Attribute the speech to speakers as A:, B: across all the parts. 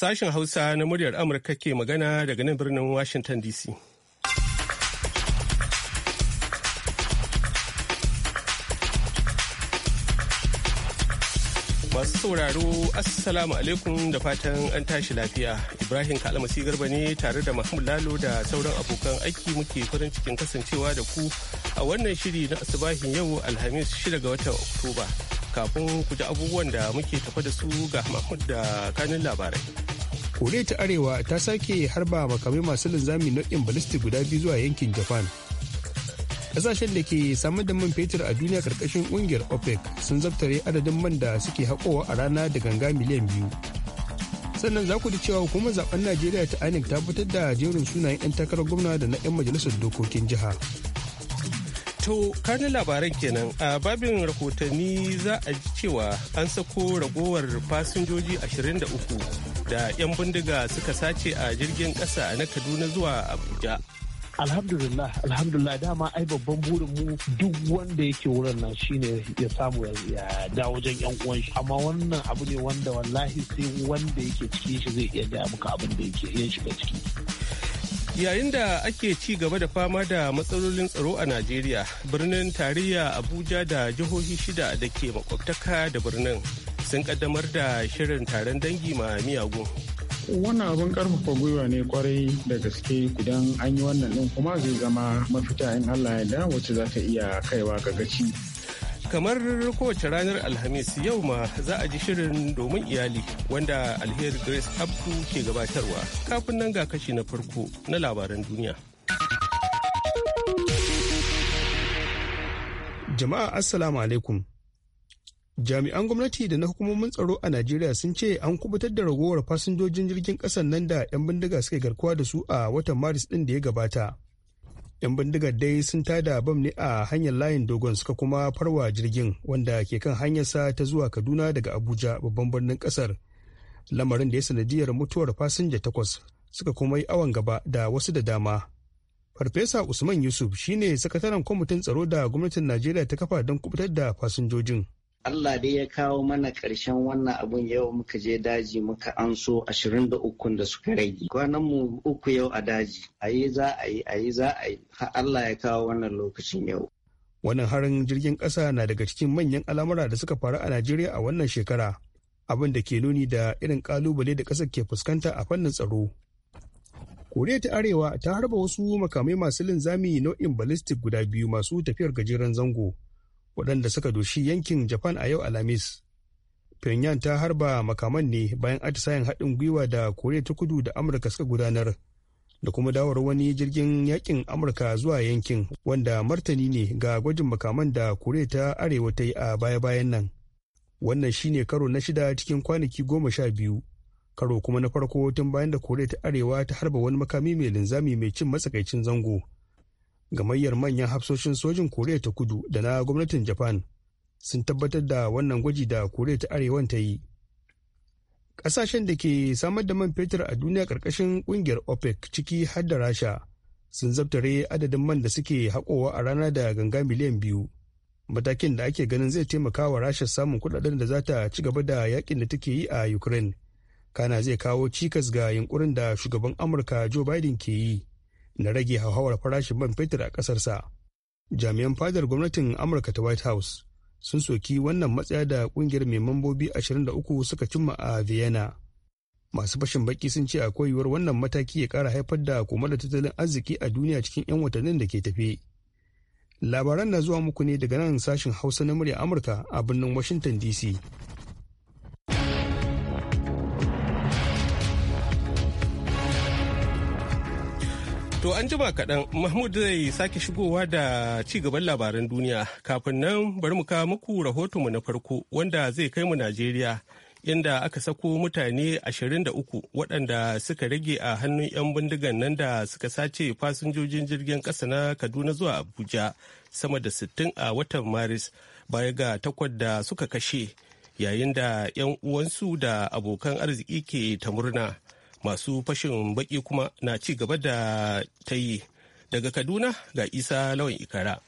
A: Sashen Hausa na muryar Amurka ke magana daga nan birnin Washington DC. Masu sauraro, Assalamu alaikum da fatan an tashi lafiya. Ibrahim Kalmasi Garba ne tare da Mahmud Lalo da sauran abokan aiki muke farin cikin kasancewa da ku a wannan shiri na asibahin yau Alhamis 6 ga watan Oktoba. kafin ku ji abubuwan da muke tafa da su ga Mahmud da
B: kanin labarai. koriya ta arewa ta sake harba makamai masu linzami nau'in ballistic guda biyu zuwa yankin japan kasashen da ke samar da man fetur a duniya karkashin ƙungiyar opec sun zabtare adadin man da suke haƙowa a rana da ganga miliyan biyu sannan za ku ji cewa hukumar zaben najeriya ta inec ta fitar da jerin sunayen 'yan takarar gwamna da na 'yan majalisar dokokin jiha
A: To kani labaran kenan a babin rahotanni za a ji cewa an sako ragowar fasinjoji 23 da 'yan bindiga suka sace a jirgin kasa na kaduna zuwa abuja
C: alhamdulillah alhamdulillah dama ai babban burin mu duk wanda yake wurin nan shine ya samu ya da wajen yan uwan shi amma wannan abu ne wanda wallahi sai wanda yake ciki shi zai iya gaya muka abin da yake ya shiga ciki yayin da
A: ake ci gaba da fama da matsalolin tsaro a najeriya birnin tarayya abuja da jihohi shida da ke makwabtaka da birnin sun kaddamar da shirin taron dangi ma miyagun
D: wannan abin karfafa gwiwa ne kwarai da gaske idan an yi wannan din kuma zai zama mafita in allah ya da wacce za ta iya kaiwa ga gaci
A: kamar kowace ranar alhamis yau ma za a ji shirin domin iyali wanda alheri grace abdu ke gabatarwa kafin nan ga kashi na farko na labaran duniya
B: jama'a assalamu alaikum jami'an gwamnati da na hukumomin tsaro a najeriya sun ce an kubutar da ragowar fasinjojin jirgin kasan nan da 'yan bindiga suka garkuwa da su a watan maris din da ya gabata 'yan bindigar dai sun tada bam ne a hanyar layin dogon suka kuma farwa jirgin wanda ke kan hanyarsa ta zuwa kaduna daga abuja babban birnin kasar lamarin da ya sanadiyar mutuwar fasinja takwas suka kuma yi awon gaba da wasu da dama farfesa usman yusuf shine sakataren kwamitin tsaro da gwamnatin najeriya ta kafa don kubutar da fasinjojin
E: Allah dai ya kawo mana ƙarshen wannan abun yau muka je daji muka anso ashirin da da suka rage. Kwanan mu uku yau a daji, a yi za a yi, a yi za a yi, ha Allah ya kawo wannan lokacin yau.
B: Wannan harin jirgin ƙasa na daga cikin manyan al'amura da suka faru a Najeriya a wannan shekara, abin da ke nuni da irin ƙalubale da ƙasar ke fuskanta a fannin tsaro. Koriya ta Arewa ta harba wasu makamai masu linzami nau'in ballistic guda biyu masu tafiyar gajeren zango. waɗanda suka doshi yankin japan a yau alhamis pyongyang ta harba makaman ne bayan atisayen haɗin gwiwa da koriya ta kudu da amurka suka gudanar da kuma dawar wani jirgin yakin amurka zuwa yankin wanda martani ne ga gwajin makaman da koriya ta arewa ta yi a baya-bayan nan wannan shine karo na shida cikin kwanaki goma sha biyu karo kuma na farko tun bayan da koriya ta arewa ta harba wani makami mai linzami mai cin matsakaicin zango gamayyar manyan hafsoshin sojin koriya ta kudu da na gwamnatin japan sun tabbatar da wannan gwaji da koriya ta arewan ta yi ƙasashen da ke samar da man fetur a duniya ƙarƙashin ƙungiyar opec ciki har da rasha sun zabtare adadin man da suke haƙowa a rana da ganga miliyan biyu matakin da ake ganin zai taimaka wa rasha samun kudaden da za ta ci gaba da yakin da take yi a ukraine kana zai kawo cikas ga yunkurin da shugaban amurka joe biden ke yi na rage hauhawar farashin man fetur a ƙasarsa. Jami'an fadar gwamnatin Amurka ta White House sun soki wannan matsaya da ƙungiyar mai mambobi 23 suka cimma a Vienna. Masu fashin baki sun ce akwai yiwuwar wannan mataki ya ƙara haifar da da tattalin arziki a duniya cikin 'yan watannin da ke tafi. Labaran na zuwa muku ne daga nan sashin Hausa na murya Amurka a birnin Washington DC.
A: To an jima kaɗan Mahmud zai sake shigowa da ci gaban labaran duniya kafin nan bari mu kawo muku rahotonmu na farko wanda zai kai mu Najeriya inda aka sako mutane 23 waɗanda suka rage a hannun 'yan bindigan nan da suka sace fasinjojin jirgin ƙasa na Kaduna zuwa Abuja sama da 60 a watan Maris baya ga takwad da suka kashe yayin da 'yan uwansu da abokan arziki ke ta murna. masu fashin baki kuma na ci gaba da ta yi daga kaduna ga isa lawan ikara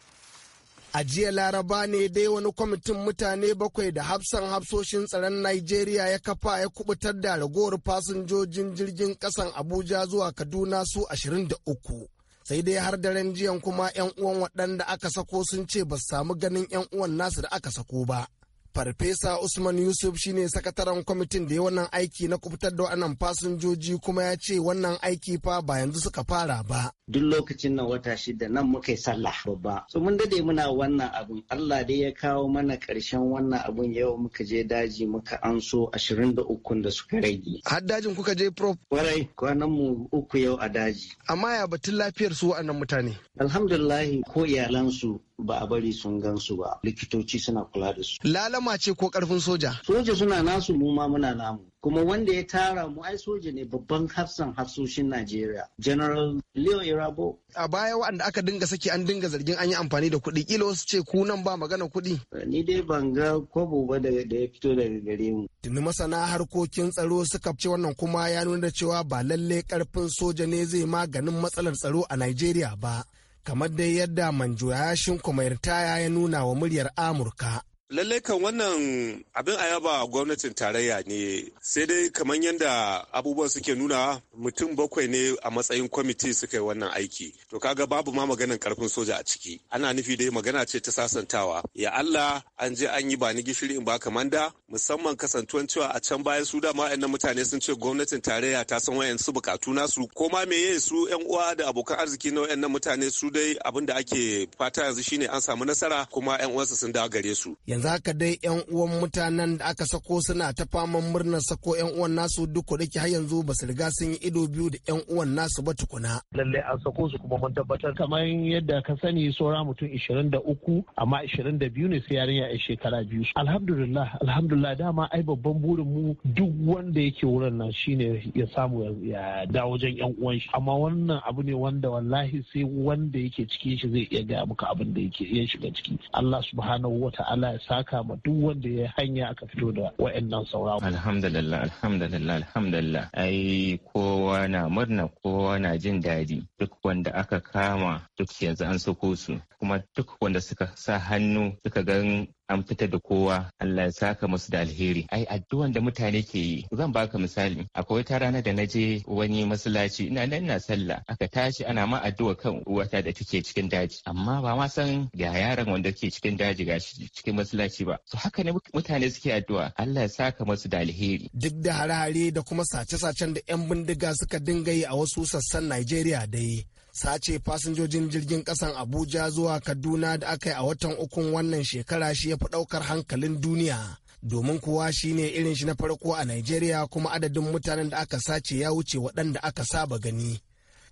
C: A jiya laraba ne dai wani kwamitin mutane bakwai da hafsan hafsoshin tsaron Najeriya ya kafa ya kubutar da ragowar fasinjojin jirgin kasan Abuja zuwa Kaduna su 23. Sai dai har daren jiyan kuma 'yan uwan waɗanda aka sako sun ce ba su samu ganin 'yan uwan nasu da aka sako ba. Farfesa Usman Yusuf shine sakataren kwamitin da ya wannan aiki na kubutar da wannan fasinjoji kuma ya ce wannan aiki fa ba yanzu suka fara ba.
E: Duk lokacin nan wata shida nan muka yi sallah babba. So mun dade muna wannan abun Allah dai ya kawo mana karshen wannan abun yau muka je daji muka anso ashirin da ukun da suka rage. Har dajin kuka je prof. Kwarai kwanan mu uku yau a daji. Amma ya batun lafiyar
C: su wa'annan mutane. alhamdulillahi ko iyalansu ba a bari sun gan ba likitoci
E: suna kula da su lalama ce ko karfin soja soja suna nasu mu muna namu kuma wanda ya tara mu ai soja ne babban hafsan hafsoshin Najeriya General Leo Irabo
C: a baya waɗanda aka dinga saki an dinga zargin an yi amfani da kuɗi kila wasu ce ku nan ba magana kuɗi ni dai ban ga kwabo ba da ya fito daga gare mu tuni masana harkokin tsaro suka ce wannan kuma ya nuna cewa ba lalle karfin soja ne zai maganin matsalar tsaro a Najeriya ba kamar dai yadda Manjo manjoyashin kuma ritaya ya nuna wa muryar amurka
A: lallai kan wannan abin a yaba gwamnatin tarayya ne sai dai kamar yadda abubuwan suke nuna mutum bakwai ne a matsayin kwamiti suka yi wannan aiki to kaga babu ma maganin karfin soja a ciki ana nufi dai magana ce ta sasantawa ya allah an je an yi ba ni gishiri in ba kamanda musamman kasantuwan cewa a can bayan su dama wayannan mutane sun ce gwamnatin tarayya ta san su bukatu nasu ko ma meye su yan uwa da abokan arziki na wayan mutane su dai abin da ake fata yanzu shine an samu nasara kuma yan uwansu sun dawo gare
C: su yanzu haka dai yan uwan mutanen da aka sako suna ta faman murnar sako yan uwan nasu duk da ke har yanzu ba su riga sun yi ido biyu da yan uwan nasu ba tukuna lalle an sako su kuma mun tabbatar kamar yadda ka sani saura mutum 23 amma 22 ne sai yarinya a shekara biyu alhamdulillah alhamdulillah Allah dama ai babban burin mu duk wanda yake wurin nan shine ya samu ya dawo wajen yan uwan shi amma wannan abu ne wanda wallahi sai wanda yake cikin shi zai iya gaya muka abin da yake iya shiga ciki Allah subhanahu ta'ala ya saka ma duk wanda ya hanya aka fito da wayannan saura
E: alhamdulillah alhamdulillah
F: alhamdulillah ai kowa na murna kowa na jin dadi duk wanda aka kama duk yanzu an sako su kuma duk wanda suka sa hannu suka gan an fitar da kowa Allah ya saka musu da alheri ai addu'an da mutane ke yi zan baka misali akwai wata rana da na je wani masallaci ina nan na sallah aka tashi ana ma addu'a kan uwata da take cikin daji amma ba ma san ga yaran wanda ke cikin daji ga shi cikin masallaci ba So haka ne mutane suke addu'a Allah ya saka musu da alheri
C: duk da hare-hare da kuma sace-sacen da 'yan bindiga suka dinga yi a wasu sassan Najeriya dai sace fasinjojin jirgin kasan abuja zuwa kaduna da aka yi a watan ukun wannan shekara shi ya fi daukar hankalin duniya domin kuwa shine irin shi na farko a nigeria kuma adadin mutanen da aka sace ya wuce waɗanda aka saba gani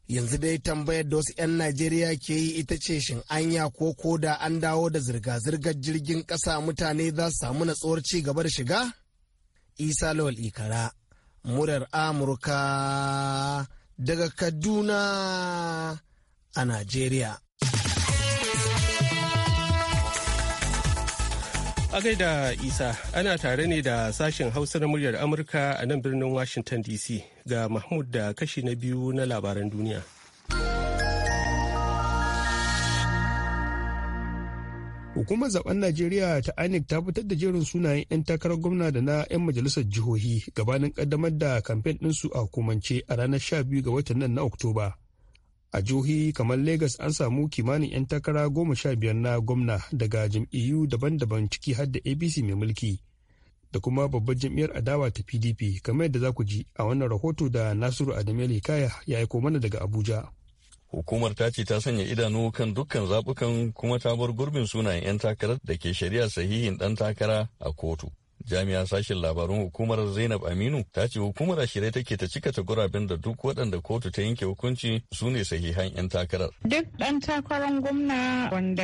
C: yanzu dai tambayar da wasu 'yan najeriya ke yi ita ce shin anya ko ko da an dawo da zirga-zirgar jirgin ƙasa mutane za su samu natsuwar ci gaba da shiga isa lawal ikara murar amurka daga Kaduna a Najeriya.
A: A gaida Isa ana tare ne da sashen Hausa na muryar Amurka a nan birnin Washington DC ga Mahmud da kashi na biyu na labaran duniya.
B: hukumar zaben najeriya ta inec ta fitar da jerin sunayen 'yan takarar gwamna da na 'yan majalisar jihohi gabanin kaddamar da kamfen ɗinsu a hukumance a ranar 12 ga watan nan na oktoba a jihohi kamar Legas an samu kimanin 'yan takara goma sha biyar na gwamna daga jam'iyyu daban-daban ciki har da apc mai mulki da kuma babbar jam'iyyar adawa ta pdp kamar yadda za ku ji a wannan rahoto da nasiru adamu kaya ya aiko mana daga abuja
G: Hukumar ta ce ta sanya idanu kan dukkan zabukan kuma ta bar gurbin sunayen 'yan takarar da ke shari'a sahihin dan takara a kotu. Jami'a sashen labarun hukumar Zainab Aminu ta ce hukumar a shirye take ta cika ta guraben da duk waɗanda kotu ta yanke hukunci su ne sahihan 'yan takarar.
H: Duk ɗan takarar gwamna wanda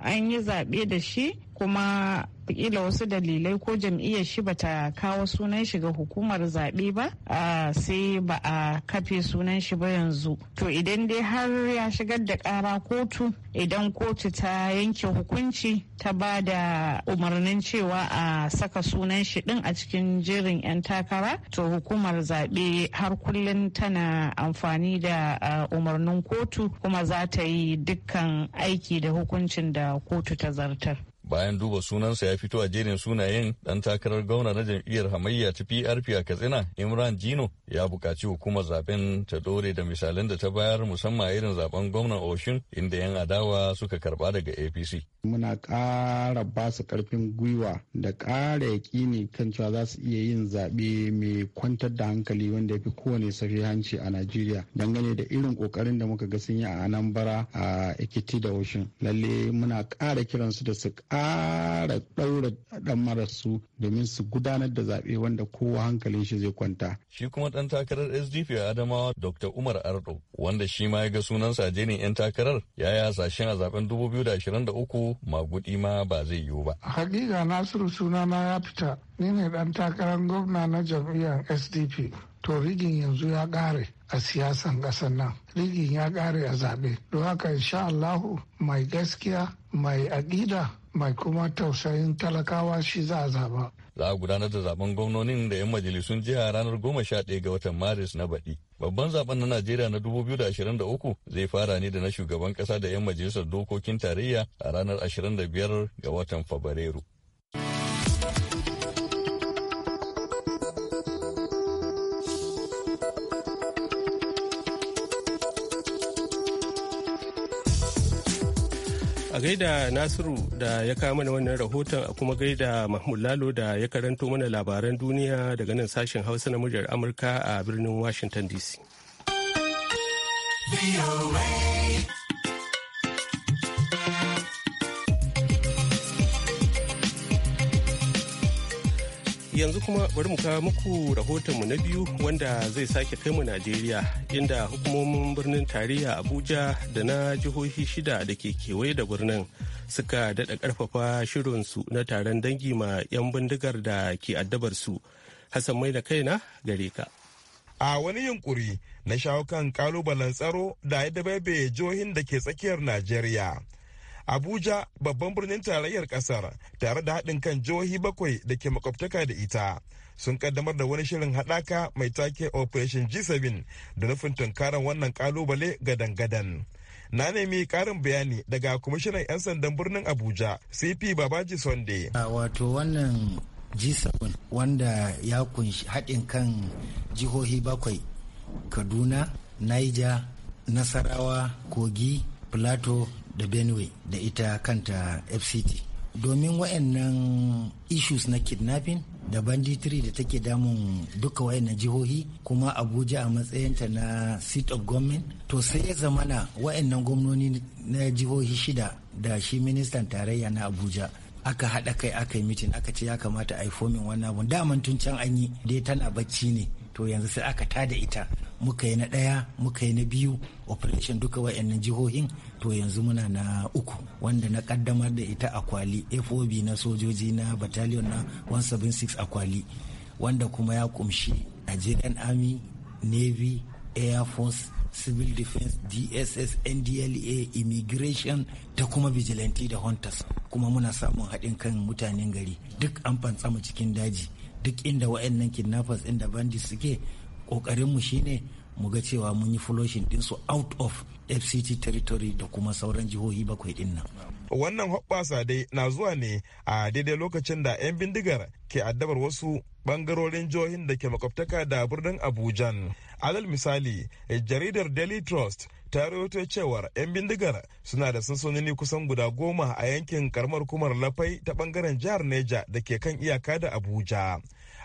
H: an yi zaɓe da shi kuma kila wasu dalilai ko jam'iyyar shi bata kawo sunan shi ga hukumar zaɓe ba sai ba a kafe sunan shi ba yanzu to idan dai har ya shigar da ƙara kotu idan kotu ta yanke hukunci ta ba da umarnin cewa a saka sunan shi ɗin a cikin jerin 'yan takara to hukumar zaɓe har kullum tana amfani da umarnin kotu kuma za ta yi dukkan aiki da hukuncin da kotu ta zartar
G: bayan duba sunansa ya fito a jerin sunayen dan takarar gwamna na jam'iyyar hamayya ta PRP a Katsina Imran Jino ya bukaci hukumar zaben ta dore da misalin da ta bayar musamman irin zaben gwamnan Oshin inda yan adawa suka karba daga APC.
B: Muna ƙara ba su ƙarfin gwiwa da ƙara yaƙini kan cewa za su iya yin zaɓe mai kwantar da hankali wanda ya fi kowane hanci a Najeriya dangane da irin ƙoƙarin da muka ga sun yi a Anambra a Ekiti da Oshin. Lalle muna ƙara kiransu da su ƙara ɗaura ɗamararsu domin su gudanar da zaɓe wanda kowa hankalin shi zai kwanta.
G: Shi kuma ɗan takarar SDP a Adamawa Dr. Umar Ardo wanda shi ma ya ga sunan sajenin 'yan takarar ya yi hasashen a zaben 2023 magudi ma ba zai yiwu ba.
C: Hakika Nasiru sunana ya fita ni ne ɗan takarar gwamna na jam'iyyar SDP. to rigin yanzu ya ƙare a siyasan ƙasar nan rigin ya ƙare a zaɓe don haka insha Allahu mai gaskiya mai aƙida mai kuma tausayin talakawa shi za a zaba.
G: Za a gudanar da zaben gwamnonin da 'yan majalisun jiha ranar 11 ga watan Maris na baɗi. Babban zaben na Najeriya na 2023 zai fara ne da na shugaban ƙasa da 'yan majalisar dokokin tarayya a ranar 25 ga watan Fabrairu.
A: a gaida nasiru da ya kawo mana wannan rahoton a kuma gaida mahmud lalo da ya karanto mana labaran duniya daga nan sashen hausa na muryar amurka a birnin washington dc. yanzu kuma bari mu kawo muku rahotonmu na biyu wanda zai sake kai mu Najeriya inda hukumomin birnin tarayya Abuja da na jihohi shida da ke kewaye da birnin suka daɗa ƙarfafa shirinsu na taron dangi ma 'yan bindigar da ke addabar su. Hassan mai da kaina gare ka.
D: A wani yunkuri na shawo kan kalubalen tsaro da ya dabaibaye jihohin da ke tsakiyar Najeriya. Abuja babban birnin tarayyar kasar tare da haɗin kan jihohi bakwai da ke makwabtaka da ita sun kaddamar da wani shirin haɗaka mai take Operation G7 da nufin tunkarar wannan kalubale gadan-gadan. na nemi ƙarin bayani daga kwamishinan 'yan sandan birnin abuja cp babaji sunday
E: wato wannan g7 wanda ya kunshi haɗin kan jihohi bakwai kaduna niger nasarawa kogi plateau da benue da ita kanta fct domin wayannan issues na kidnapping da banditry da take damun duka wayannan jihohi kuma abuja a matsayinta na seat of government to sai ya zamana wayannan gwamnoni na jihohi shida da shi ministan tarayya na abuja aka haɗa kai aka yi mitin aka ce ya kamata a yi fomin wannan abun daman tun can an yi dai tana bacci ne to yanzu sai aka tada ita muka yi na ɗaya muka yi na biyu operation duka wayannan jihohin to yanzu muna na uku wanda na kaddamar da ita a kwali fob na sojoji na battalion na 176 a kwali wanda kuma ya kumshi nigerian army navy air force civil defense dss ndla immigration ta kuma vigilante da hunters kuma muna samun haɗin kan mutanen gari duk an fantsama cikin daji duk inda wa'annan kidnappers inda bandits suke mu shine mu ga cewa mun yi din su out of fct territory da kuma sauran jihohi bakwai ɗin nan. wannan hoɓɓasa dai na zuwa ne a
D: daidai lokacin da 'yan bindigar ke addabar wasu bangarorin jihohin da ke makwabtaka da birnin abuja alal misali jaridar daily trust ta rawaito cewar 'yan bindigar suna da sansanoni kusan guda goma a yankin karamar kumar lafai ta bangaren jihar neja da ke kan iyaka da abuja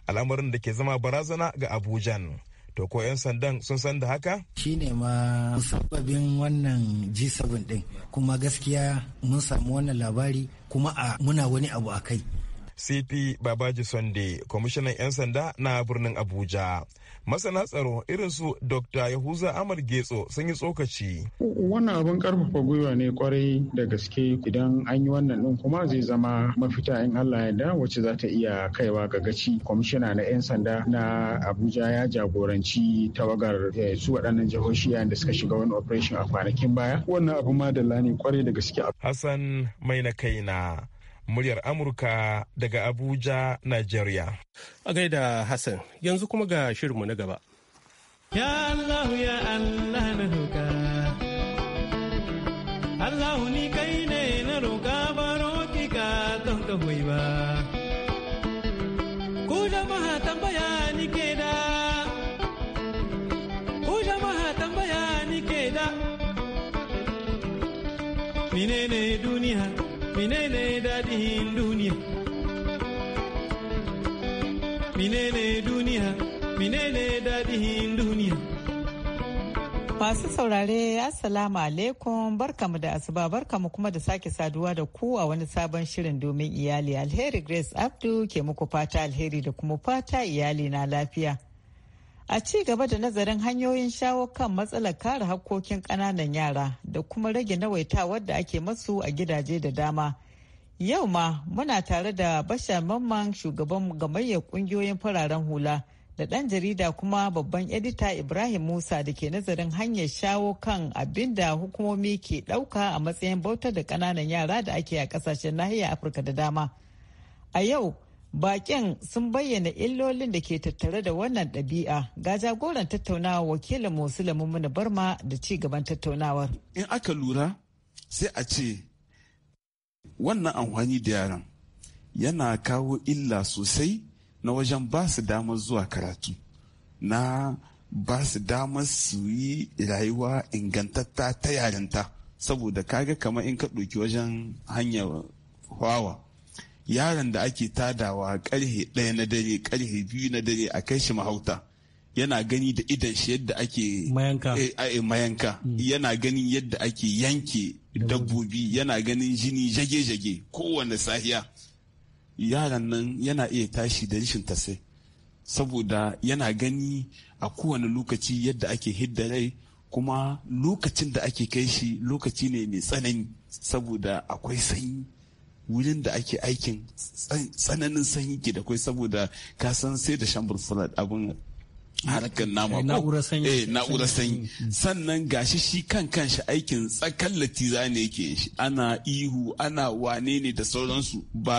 D: al'amarin da ke zama barazana ga
E: abujan to ko 'yan sandan sun san da haka? shine ne ma sababin wannan g7 din kuma gaskiya mun samu wannan labari kuma a muna wani abu a kai
D: cp babaji sunday kwamishinan 'yan sanda na birnin abuja masana tsaro irin su dr yahuza amal getso sun yi tsokaci wannan abin karfafa gwiwa ne kwarai da gaske idan an yi wannan din kuma zai zama mafita in allah ya da wacce za ta iya kaiwa ga gaci kwamishina na 'yan sanda na abuja ya jagoranci tawagar eh, su waɗannan jihohi yayin da suka shiga wani operation a kwanakin baya wannan abu ma da ne kwarai da gaske hassan mai na kaina muryar
A: Amurka daga Abuja, Nigeria. A gaida Hassan, yanzu kuma ga shirinmu na gaba. Ya Allah ya Allah na roƙa. Allah ni kai ne na roƙa baro ki ka don ka ba. Minene dadihin duniya Minene duniya Minene duniya
H: Masu saurare Assalamu alaikum barkamu da asuba barkamu kuma da sake saduwa da ku a wani sabon shirin domin iyali alheri Grace Abdu ke muku fata alheri da kuma fata iyali na lafiya. A ci gaba da nazarin hanyoyin shawo kan matsalar kare hakkokin ƙananan yara da kuma rage nawaitawar da ake masu a gidaje da dama. Yau ma muna tare da basha Mamman shugaban gamayyar ƙungiyoyin fararen hula. da ɗan jarida kuma babban edita Ibrahim Musa da ke nazarin hanyar shawo kan abin da hukumomi ke ɗauka a matsayin bautar da ƙananan yara da ake a ƙasashen nahiyar Afirka da dama. A yau, Bakin sun bayyana illolin da ke tattare da wannan ɗabi'a ga jagoran tattaunawa wakilin Musula Mummuna Barma da ci gaban tattaunawar.
I: In aka lura sai a ce wannan amfani da yaran yana kawo illa sosai na wajen ba su damar zuwa karatu na ba su damar su yi rayuwa ingantatta ta yarinta saboda kaga kamar in ka ɗauki wajen hanyar hawa yaron da ake tadawa karhe ɗaya na dare karhe biyu na dare a kai shi mahauta yana gani da idan shi yadda ake mayanka, e, mayanka. Hmm. yana ganin yadda ake yanke dabbobi yana ganin jini jage-jage kowane sahiya yaran nan yana iya tashi da rashin tasai saboda yana gani a kowane lokaci yadda ake hidda rai kuma lokacin da ake kai shi lokaci ne mai tsanani saboda akwai sanyi wurin da ake aikin tsananin sanyi ke da kwai saboda ka san sai da shan burfulat abin harkar nama eh, na'urar sanyi eh, na'urar sanyi mm. sannan gashi shi kan kanshi aikin tsakan latiza ne yake ana ihu ana wane ne da sauransu ba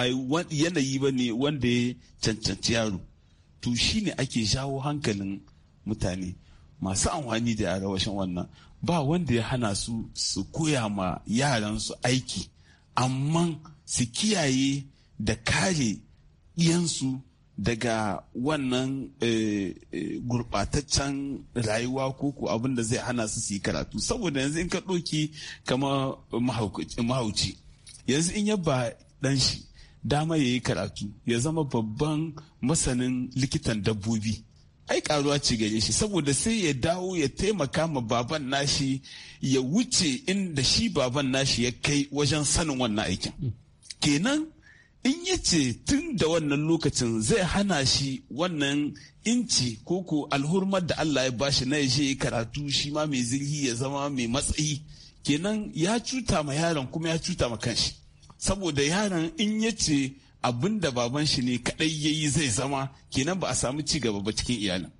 I: yanayi ba ne wanda ya cancanci yaro to shi ne ake shawo hankalin mutane masu amfani da arewacin wannan ba wanda ya hana su su koya ma yaran su aiki amma su kiyaye da kare iyansu daga wannan eh, eh, gurɓataccen rayuwa ko ku abin da zai hana su su yi karatu saboda yanzu in ka ɗoki kama mahauci yanzu in yabba ɗan shi dama ya yi karatu ya zama babban masanin likitan dabbobi ai karuwa ce gare shi saboda sai ya dawo ya taimaka ma baban nashi ya wuce inda shi baban nashi ya kai wajen sanin wannan aikin. kenan in ya ce tun da wannan lokacin zai hana shi wannan inci koko alhurmar da Allah ya bashi na je karatu shi ma mai zirhi ya zama mai matsayi kenan ya cuta ma yaron kuma ya cuta ma kanshi saboda yaron in ya ce abin da baban shi ne kadai ya yi zai zama kenan ba a samu ci gaba ba cikin iyalin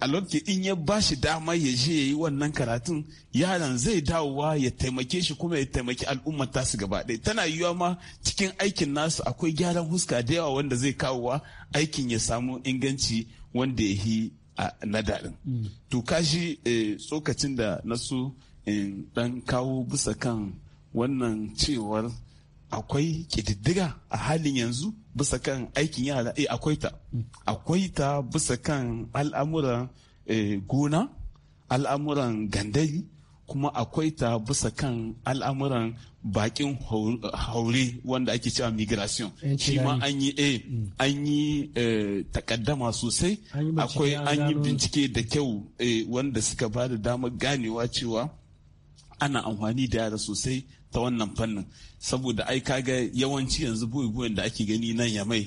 I: a lokacin in ya ba shi dama ya je ya yi wannan karatun yaran zai dawowa ya taimake shi kuma ya taimaki al'ummar tasu gaba ɗaya tana yiwuwa ma cikin aikin nasu akwai gyaran huska da yawa wanda zai kawowa aikin ya samu inganci wanda ya yi na nadarin mm. to kashi eh, tsokacin da na so in ɗan kawo bisa kan wannan cewar akwai kididdiga a halin yanzu bisa kan aikin yara e akwai ta akwai ta bisa kan al'amuran eh, gona al'amuran gandari kuma akwai ta bisa kan al'amuran bakin haure wanda ake cewa migration eh, shi ma an yi eh mm. an takaddama sosai akwai an yi bincike da kyau wanda suka ba da damar ganewa cewa ana amfani da yara sosai ta wannan fannin saboda ai kaga yawanci yanzu buyi da ake gani nan ya mai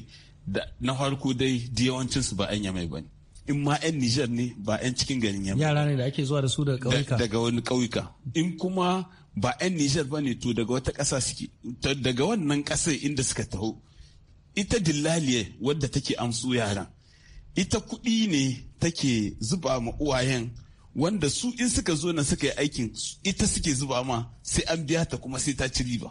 I: na farko dai da yawancinsu ba 'yan ya mai ba ne in ma 'yan Nijar ne ba 'yan cikin garin mai.
G: Yara ne da ake zuwa da su daga ƙauyuka. Daga
I: wani ƙauyuka. In kuma ba 'yan Nijar ba ne to daga wata ƙasa suke. Daga wannan ƙasar inda suka taho. Ita dillaliye wadda take amsu yaran. Ita kuɗi ne take zuba ma uwayen wanda su in suka zo na suka yi aikin ita suke zuba ma sai an biya ta kuma sai ta ci riba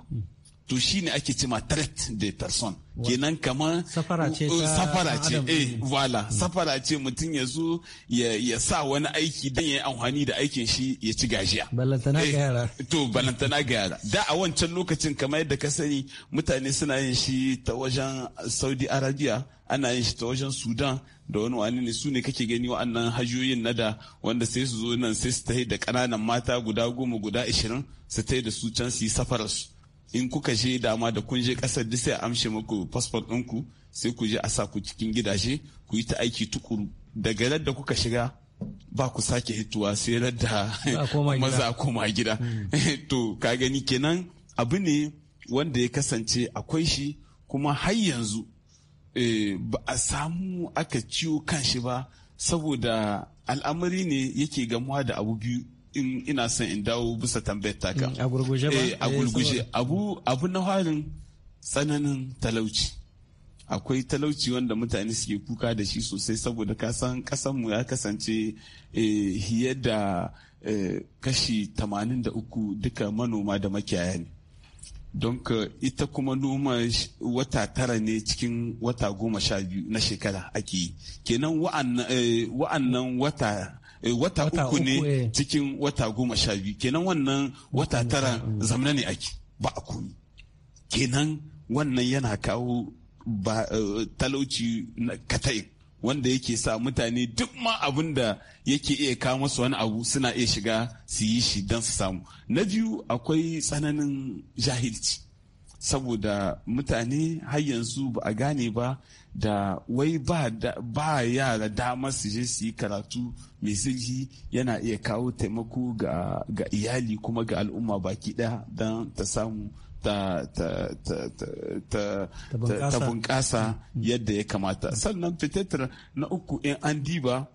I: to ne ake cema threat de person kenan kama safara ce uh, ta eh, hmm. safara ce mutum ya zo ya sa wani aiki don ya yi amfani da aikin shi ya ci gajiya balantana eh, ga yara to balantana ga yara da a wancan lokacin kamar yadda ka sani mutane suna yin shi ta wajen saudi arabia ana yin shi ta wajen sudan da wani wani ne su ne kake gani wa'annan hajoyin na da wanda sai su zo nan sai su tahi da ƙananan mata guda goma guda ashirin su tahi da su can su yi safararsu in kuka je dama da kun je kasar da sai amshe muku passport ɗinku sai ku je a sa ku cikin gidaje ku yi ta aiki tukuru daga da kuka shiga ba ku sake hituwa sai da maza koma gida hmm. to ka gani kenan abu ne wanda ya kasance akwai shi kuma har yanzu eh, ba a samu aka ciwo kan shi ba saboda al'amari ne yake gamuwa da abu biyu ina son in dawo bisa tambayar taka mm, a gurguje ba eh, a eh, gurguje abu na harin tsananin talauci akwai talauci wanda mutane suke kuka da shi sosai saboda kasan mu ya kasance hiyar eh, da kashi da 83 duka manoma da makiyaya ne don ka ita kuma noma wata tara ne cikin wata goma sha biyu na shekara ake yi kenan wa'annan wata Eh, wata uku ne eh. cikin wata goma sha biyu kenan wannan wata tara zamana ne ake ba a komi kenan wannan yana kawo ba eh, talauci katai wanda yake sa mutane duk ma abin da yake iya kawo masu wani abu suna iya shiga su yi shi don su samu na biyu akwai tsananin jahilci saboda mutane har yanzu ba a gane ba da wai ba yara dama su je su yi karatu mai sirri yana iya kawo taimako ga iyali kuma ga al'umma baki ɗaya don ta samu ta, bunƙasa yadda ya kamata sannan fitattar na uku in an diba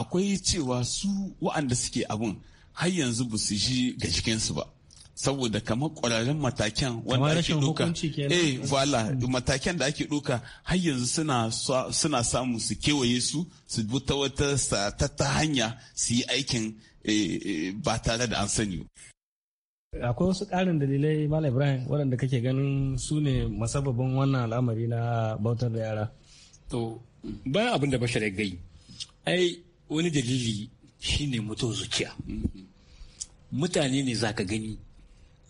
I: akwai cewa su wa'anda suke abin har yanzu ba su ji ga cikinsu ba saboda kamar ƙwararren matakan wanda ake duka eh voila matakan da ake duka har yanzu suna suna samu su kewaye su su bi ta wata ta hanya su yi aikin eh, eh, ba tare da an sani
F: akwai wasu ƙarin dalilai malam ibrahim waɗanda kake ganin su ne masababin wannan al'amari na bautar da yara to bayan abin da bashar ya gai ai wani dalili shine mutuwar zuciya mm-hmm. mutane ne za ka gani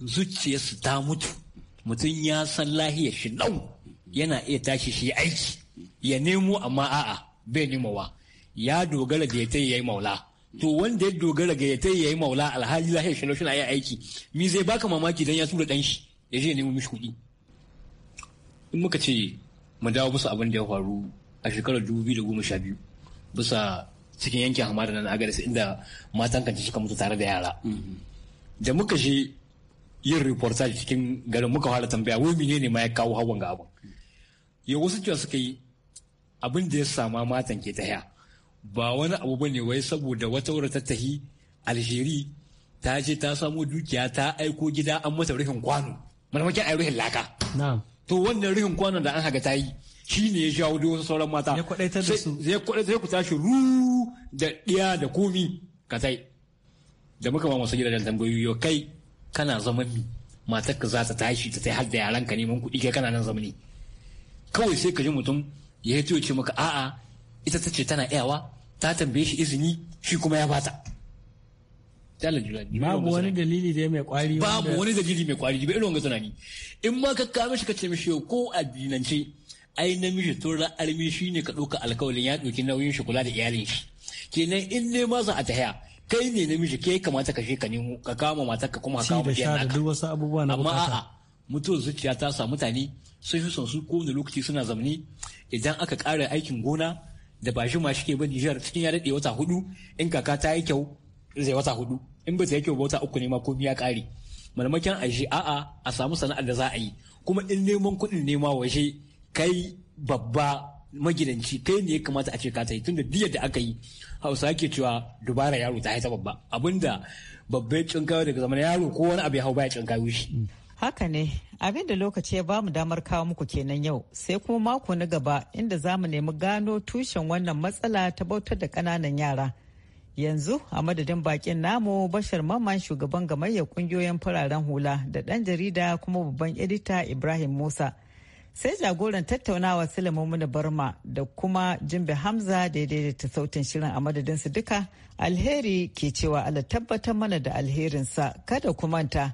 F: zuciyarsu ta mutu mutum ya san lahiyar shi nau yana iya tashi shi aiki ya nemo amma a'a bai nemowa ya dogara da ya yayi maula to wanda ya dogara ga ya yayi yi maula alhali lahiyar shi nau shi na iya aiki mi zai baka mamaki dan ya tura dan shi ya je nemo mishi kuɗi in muka ce mu dawo bisa abin da ya faru a shekarar biyu bisa cikin yankin hamada nan agaris inda matan kanci suka mutu tare da yara mm-hmm. da muka shi yin reportage cikin garin muka fara tambaya wai ne ma ya kawo hawan ga abin ya wasu cewa suka yi abin da ya sama matan ke ta ba wani abu ba ne wai saboda wata wura ta tahi alheri ta ce ta samo dukiya ta aiko gida an mata rufin kwano malamakin ai rufin laka to wannan rufin kwano da an haga ta yi shi ne ya jawo da wasu sauran mata ya kwadaitar da su zai kwadaitar ku tashi ru da diya da komi ka tai da muka ba masu gidajen tambayoyi kai kana zaman mi matar ka za ta tashi ta tai har da yaran ka neman kuɗi kai kana nan ni kawai sai ka ji mutum ya yi ce maka a'a ita ta ce tana iyawa ta tambaye shi izini shi kuma ya bata babu wani dalili da mai kwari babu wani dalili mai kwari ba irin tunani in ma ka kawo shi ka ce mishi ko addinance ai namiji tun ra'ar shi ne ka ɗauka alkawalin ya ɗauki nauyin shi kula da iyalin shi kenan in ne ma za a ta haya kai ne namiji kai kamata ka je ka nemo ka kama mata ka kuma kama biyan naka wasu abubuwa na amma a'a mutuwar zuciya ta sa mutane sun fi son su kowane lokaci suna zamani idan aka ƙara aikin gona da ba ma shi ke ba Nijar cikin ya daɗe wata hudu in kaka ta yi kyau zai wata hudu in ba ta yi kyau ba wata uku ne ma komi ya kare malamakin aji a'a a samu sana'ar da za a yi kuma in neman kuɗin nema waje kai babba magidanci kai ne ya kamata a ce ka ta yi tunda diyar da aka yi hausa ake cewa dubara yaro ta haita babba abinda babba ya cinkayo daga zaman yaro ko wani abu ya hau baya cinkayo shi. haka ne abin da lokaci ya bamu damar kawo muku kenan yau
H: sai kuma mako na gaba inda za mu nemi gano tushen wannan matsala ta bautar da kananan yara yanzu a madadin bakin namu bashar mamman shugaban gamayyar kungiyoyin fararen hula da dan jarida kuma babban edita ibrahim musa sai jagoran tattaunawa Sulemomuna Barma da kuma Jimbe Hamza da ya daidaita sautin shirin a madadinsu duka alheri ke cewa ala tabbatar mana da alherinsa kada kumanta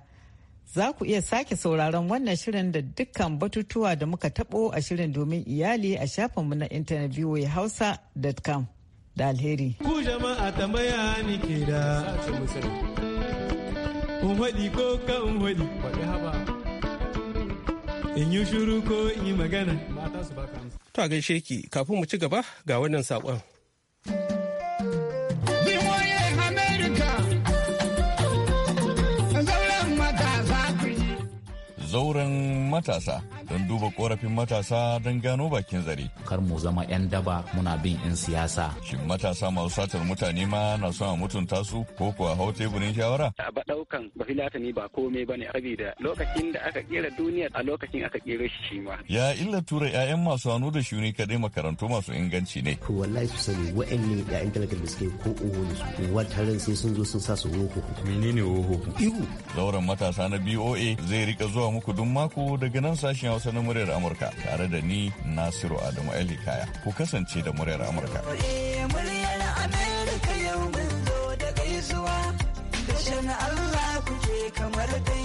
H: Za ku iya sake sauraron wannan shirin da dukkan batutuwa da muka tabo a shirin domin iyali a shafinmu na intanet hausa.com da alheri.
A: Ku jama'a tambaya ni ke da. Kun in yi shuru ko in yi magana Ta gaishe ki kafin mu ci gaba ga wannan sakon
G: zauren matasa don duba korafin matasa don gano bakin zare. Kar mu zama 'yan daba muna bin 'yan siyasa. Shin matasa masu satar mutane ma na son a mutunta su ko kuwa hau teburin shawara? A ba ɗaukan ba ba komai ba ne da lokacin da aka kera duniya a lokacin aka kera shi shi ma. Ya illa tura 'ya'yan masu hannu da shuni kaɗai makarantu masu inganci ne. Ko wallahi su sani ne 'ya'yan talakar da
D: suke ko uwo da su sai sun zo sun sa su woho. Menene woho?
G: Ihu. Zauren matasa na BOA zai rika zuwa muku duk mako daga nan sashen Hausa na muryar Amurka tare da ni Nasiru Adamu Ali Kaya. Ku kasance da muryar Amurka.
H: Eh, muryar Allah kuke kamar dai.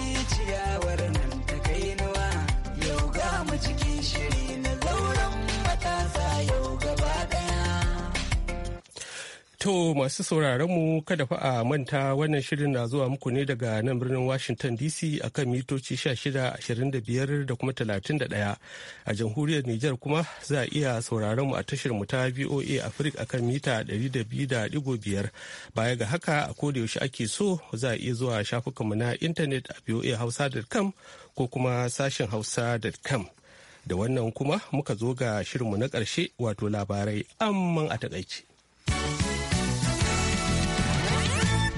A: To masu sauraron mu kada fa a manta wannan shirin na zuwa muku ne daga nan birnin Washington DC akan mitoci 1625 da kuma 31 a jamhuriyar Nijar kuma za a iya sauraron mu a tashar mu ta VOA Africa akan mita 200.5 baya ga haka a koda yaushe ake so za a iya zuwa shafukan mu na intanet a voahausa.com ko kuma sashin hausa.com da wannan kuma muka zo ga shirinmu na ƙarshe wato labarai amman a taƙaice.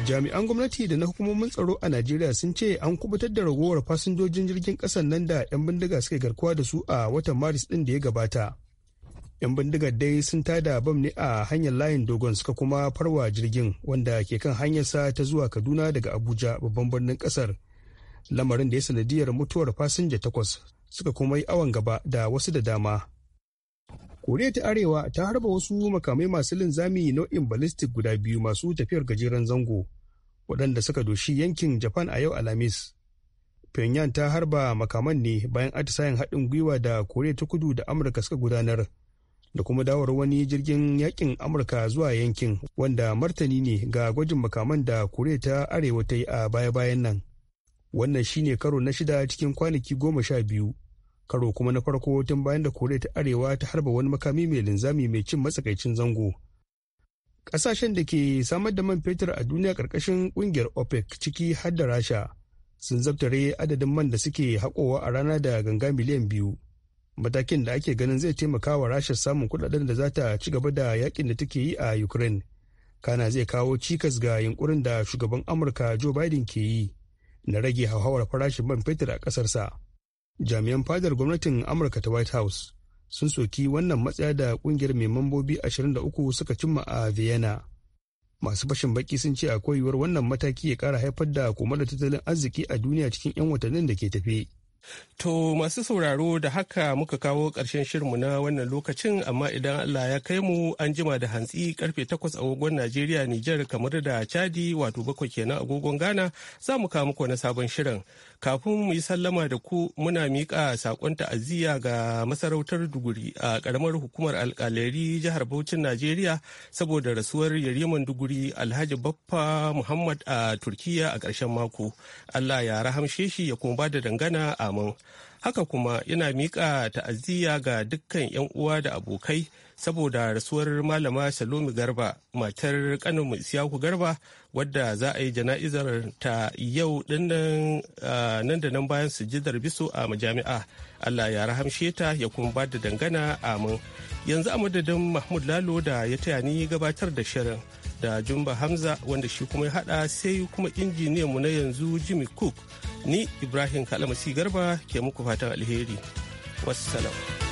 B: jami'an gwamnati da na hukumomin tsaro a najeriya sun ce an kubutar da ragowar fasinjojin jirgin kasan nan da 'yan bindiga suka garkuwa da su a watan maris din da ya gabata 'yan bindigar dai sun tada bam ne a hanyar layin dogon suka kuma farwa jirgin wanda ke kan hanyarsa ta zuwa kaduna daga abuja babban birnin kasar lamarin da ya sanadiyar mutuwar fasinja takwas suka kuma yi awon gaba da wasu da dama koriya ta arewa ta harba wasu makamai masu linzami nau'in ballistic guda biyu masu tafiyar gajeren zango waɗanda suka doshi yankin japan a yau alhamis pyongyang ta harba makaman ne bayan atisayen haɗin gwiwa da koriya ta kudu da amurka suka gudanar da kuma dawar wani jirgin yakin amurka zuwa yankin wanda martani ne ga gwajin makaman da koriya ta arewa ta yi a baya-bayan nan wannan shine karo na shida cikin kwanaki goma sha biyu karo kuma na farko tun bayan da koriya ta arewa ta harba wani makami mai linzami mai cin matsakaicin zango Ƙasashen da ke samar da man fetur a duniya ƙarƙashin ƙungiyar OPEC ciki har da Rasha sun zabtare adadin man da suke haƙowa a rana da ganga miliyan biyu. Matakin da ake ganin zai taimaka wa Rasha samun kuɗaɗen da za ta ci gaba da yakin da take yi a Ukraine. Kana zai kawo cikas ga yunkurin da shugaban Amurka Joe Biden ke yi na rage hauhawar farashin man fetur a ƙasarsa. Jami'an fadar gwamnatin Amurka ta White House sun soki wannan matsaya da kungiyar mai mambobi 23 suka cimma a vienna masu fashin baki sun ce akwai yiwuwar wannan mataki ya kara haifar da da tattalin arziki a duniya cikin 'yan watannin da ke tafe
A: To masu sauraro da haka muka kawo ƙarshen shirinmu na wannan lokacin amma idan Allah ya kai mu an jima da hantsi karfe 8 agogon Najeriya Nijar kamar da Chadi wato bakwai kenan agogon Ghana za mu kawo muku na sabon shirin. kafin mu yi sallama da ku muna miƙa saƙon ta'aziyya ga masarautar duguri a ƙaramar hukumar alƙalari jihar Bauchin Najeriya saboda rasuwar yariman duguri Alhaji Baffa Muhammad a turkiyya a ƙarshen mako. Allah ya rahamshe shi ya kuma ba da dangana amin. haka kuma yana miƙa ta'aziyya ga dukkan 'yan uwa da abokai saboda rasuwar malama salomi garba matar kanin isiyaku garba wadda za a yi jana'izar ta yau dinnan nan da nan bayan sujidar biso a majami'a allah ya rahamshe ta ya kuma ba da dangana amin yanzu a madadin mahmud lalo da ya taya ni gabatar da shirin da Jumba Hamza wanda shi kuma ya hada sai kuma injiniyan mu na yanzu Jimmy Cook. Ni Ibrahim Kalamasi Garba ke muku fatan alheri. Wassalam.